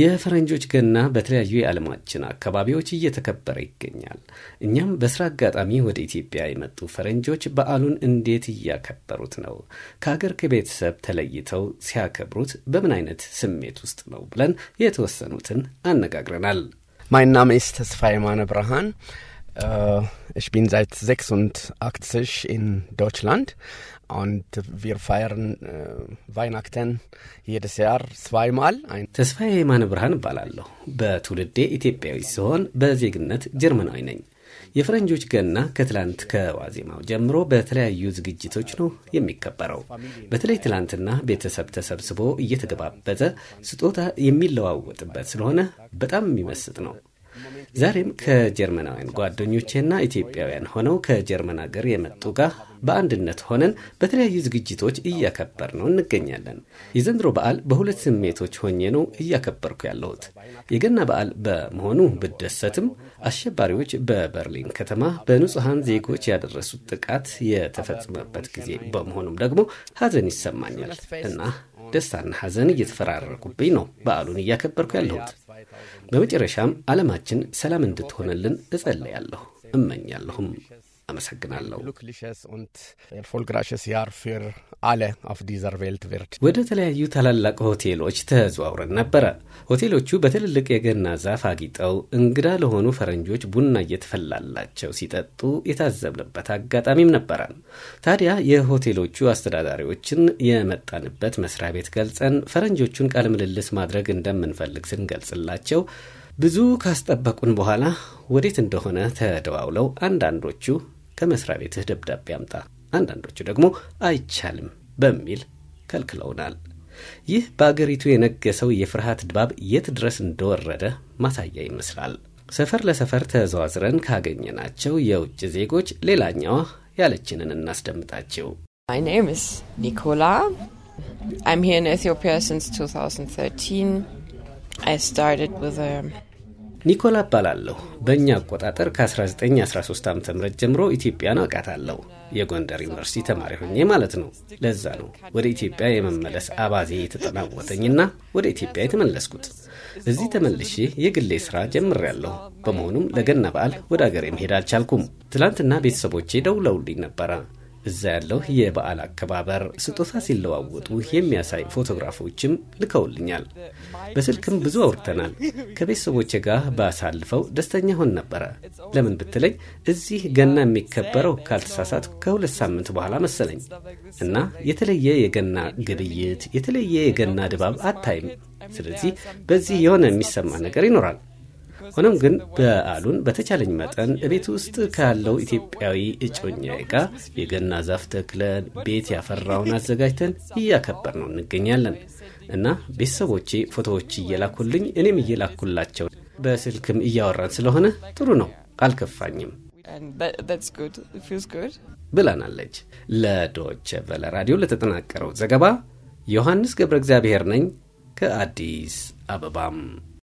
የፈረንጆች ገና በተለያዩ የዓለማችን አካባቢዎች እየተከበረ ይገኛል። እኛም በስራ አጋጣሚ ወደ ኢትዮጵያ የመጡ ፈረንጆች በዓሉን እንዴት እያከበሩት ነው? ከሀገር ከቤተሰብ ተለይተው ሲያከብሩት በምን አይነት ስሜት ውስጥ ነው? ብለን የተወሰኑትን አነጋግረናል። ማይናሜስ ተስፋ የማነ ብርሃን Äh, ich bin seit 86 in Deutschland und wir feiern äh, Weihnachten jedes Jahr zweimal. ተስፋዬ የማነ ብርሃን እባላለሁ። በትውልዴ ኢትዮጵያዊ ሲሆን በዜግነት ጀርመናዊ ነኝ። የፈረንጆች ገና ከትላንት ከዋዜማው ጀምሮ በተለያዩ ዝግጅቶች ነው የሚከበረው። በተለይ ትላንትና ቤተሰብ ተሰብስቦ እየተገባበጠ ስጦታ የሚለዋወጥበት ስለሆነ በጣም የሚመስጥ ነው። ዛሬም ከጀርመናውያን ጓደኞቼና ኢትዮጵያውያን ሆነው ከጀርመን ሀገር የመጡ ጋር በአንድነት ሆነን በተለያዩ ዝግጅቶች እያከበር ነው እንገኛለን። የዘንድሮ በዓል በሁለት ስሜቶች ሆኜ ነው እያከበርኩ ያለሁት። የገና በዓል በመሆኑ ብደሰትም አሸባሪዎች በበርሊን ከተማ በንጹሐን ዜጎች ያደረሱት ጥቃት የተፈጸመበት ጊዜ በመሆኑም ደግሞ ሐዘን ይሰማኛል እና ደስታና ሐዘን እየተፈራረቁብኝ ነው በዓሉን እያከበርኩ ያለሁት። በመጨረሻም ዓለማችን ሰላም እንድትሆነልን እጸለያለሁ እመኛለሁም። አመሰግናለሁ። äh, ወደ ተለያዩ ታላላቅ ሆቴሎች ተዘዋውረን ነበረ። ሆቴሎቹ በትልልቅ የገና ዛፍ አጊጠው እንግዳ ለሆኑ ፈረንጆች ቡና እየተፈላላቸው ሲጠጡ የታዘብንበት አጋጣሚም ነበረን። ታዲያ የሆቴሎቹ አስተዳዳሪዎችን የመጣንበት መስሪያ ቤት ገልጸን ፈረንጆቹን ቃለ ምልልስ ማድረግ እንደምንፈልግ ስንገልጽላቸው ብዙ ካስጠበቁን በኋላ ወዴት እንደሆነ ተደዋውለው አንዳንዶቹ ከመስሪያ ቤትህ ደብዳቤ አምጣ፣ አንዳንዶቹ ደግሞ አይቻልም በሚል ከልክለውናል። ይህ በአገሪቱ የነገሰው የፍርሃት ድባብ የት ድረስ እንደወረደ ማሳያ ይመስላል። ሰፈር ለሰፈር ተዘዋዝረን ካገኘናቸው የውጭ ዜጎች ሌላኛዋ ያለችንን እናስደምጣቸው። ማይ ኒኮላ አይም ሂር ኢን ኢትዮጵያ ሲንስ 2013 አይ ኒኮላ እባላለሁ። በእኛ አቆጣጠር ከ1913 ዓ ም ጀምሮ ኢትዮጵያን አውቃታለሁ። የጎንደር ዩኒቨርሲቲ ተማሪ ሆኜ ማለት ነው። ለዛ ነው ወደ ኢትዮጵያ የመመለስ አባዜ የተጠናወተኝና ወደ ኢትዮጵያ የተመለስኩት። እዚህ ተመልሼ የግሌ ስራ ጀምሬያለሁ። በመሆኑም ለገና በዓል ወደ አገሬ መሄድ አልቻልኩም። ትላንትና ቤተሰቦቼ ደውለውልኝ ነበረ። እዛ ያለው የበዓል አከባበር ስጦታ ሲለዋወጡ የሚያሳይ ፎቶግራፎችም ልከውልኛል። በስልክም ብዙ አውርተናል። ከቤተሰቦቼ ጋር ባሳልፈው ደስተኛ ሆን ነበረ። ለምን ብትለኝ እዚህ ገና የሚከበረው ካልተሳሳት ከሁለት ሳምንት በኋላ መሰለኝ እና የተለየ የገና ግብይት፣ የተለየ የገና ድባብ አታይም። ስለዚህ በዚህ የሆነ የሚሰማ ነገር ይኖራል። ሆኖም ግን በዓሉን በተቻለኝ መጠን ቤት ውስጥ ካለው ኢትዮጵያዊ እጮኛ ጋር የገና ዛፍ ተክለን ቤት ያፈራውን አዘጋጅተን እያከበር ነው እንገኛለን እና ቤተሰቦቼ ፎቶዎች እየላኩልኝ እኔም እየላኩላቸው በስልክም እያወራን ስለሆነ ጥሩ ነው፣ አልከፋኝም ብላናለች። ለዶች በለ ራዲዮ ለተጠናቀረው ዘገባ ዮሐንስ ገብረ እግዚአብሔር ነኝ ከአዲስ አበባም